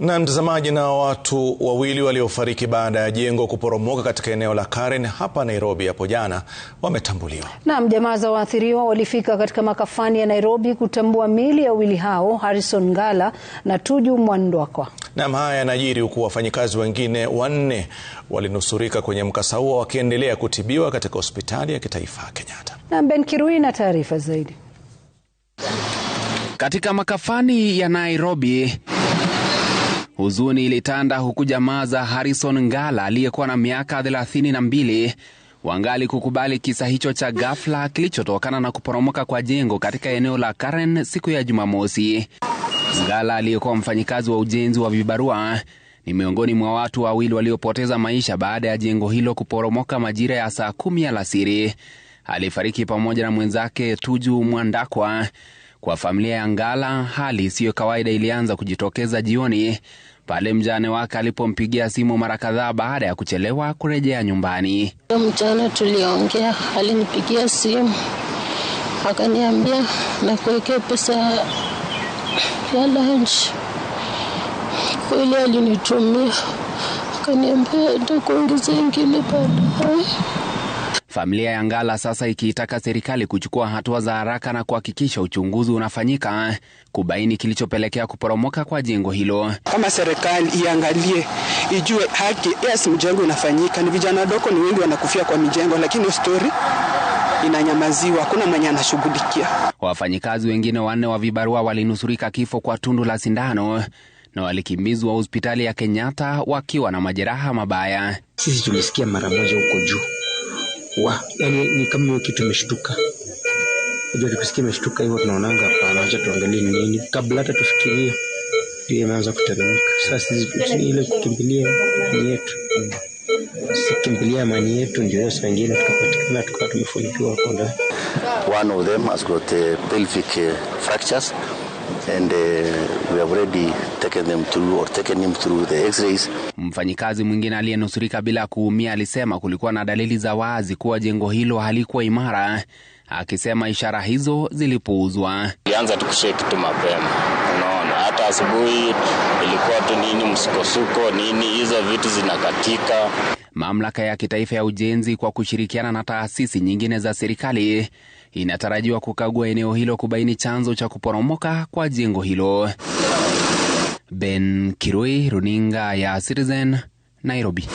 Na mtazamaji, na watu wawili waliofariki baada ya jengo kuporomoka katika eneo la Karen hapa Nairobi hapo jana wametambuliwa. Naam, jamaa za waathiriwa walifika katika makafani ya Nairobi kutambua miili ya wawili hao, Harrison Ngala na Tuju Mwandwakwa. Naam, haya yanajiri huku wafanyikazi wengine wanne walinusurika kwenye mkasa huo wakiendelea kutibiwa katika hospitali ya kitaifa ya Kenyatta. Na Ben Kirui na taarifa zaidi. Katika makafani ya Nairobi Huzuni ilitanda huku jamaa za Harrison Ngala aliyekuwa na miaka 32 wangali kukubali kisa hicho cha ghafla kilichotokana na kuporomoka kwa jengo katika eneo la Karen siku ya Jumamosi. Ngala aliyekuwa mfanyikazi wa ujenzi wa vibarua ni miongoni mwa watu wawili waliopoteza maisha baada ya jengo hilo kuporomoka majira ya saa kumi alasiri. Alifariki pamoja na mwenzake Tuju Mwandakwa kwa familia ya Ngala, hali isiyo kawaida ilianza kujitokeza jioni pale mjane wake alipompigia simu mara kadhaa baada ya kuchelewa kurejea nyumbani. Mjana tuliongea, alinipigia simu akaniambia, nakuwekea pesa ya lunch. Kweli alinitumia akaniambia, nitakuongezea ingine baadaye familia ya Ngala sasa ikiitaka serikali kuchukua hatua za haraka na kuhakikisha uchunguzi unafanyika eh, kubaini kilichopelekea kuporomoka kwa jengo hilo. Kama serikali iangalie, ijue haki, yes, mjengo inafanyika, ni vijana doko ni wengi wanakufia kwa mijengo, lakini stori inanyamaziwa hakuna mwenye anashughulikia. Wafanyikazi wengine wanne wa vibarua walinusurika kifo kwa tundu la sindano na walikimbizwa hospitali ya Kenyatta wakiwa na majeraha mabaya. Sisi tulisikia mara moja huko juu wa yani ni kama hiyo kitu imeshtuka ndio tukisikia imeshtuka hivyo tunaonanga hapana, acha tuangalie ni nini kabla hata tufikirie, ndio imeanza kuteremka. Sasa ile kukimbilia ni yetu, sikimbilia amani yetu, ndio sasa wengine tukapatikana tukawa tumefunikiwa hapo ndani. One of them has got uh, pelvic eh, fractures and uh, we have already taken them through or taken him through the x-rays. Mfanyikazi mwingine aliyenusurika bila kuumia alisema kulikuwa na dalili za wazi kuwa jengo hilo halikuwa imara, akisema ishara hizo zilipuuzwa. Ilianza tukusheki tu mapema, unaona, hata asubuhi ilikuwa tu nini, msukosuko nini, hizo vitu zinakatika. Mamlaka ya kitaifa ya ujenzi kwa kushirikiana na taasisi nyingine za serikali inatarajiwa kukagua eneo hilo kubaini chanzo cha kuporomoka kwa jengo hilo. Ben Kirui, runinga ya Citizen, Nairobi.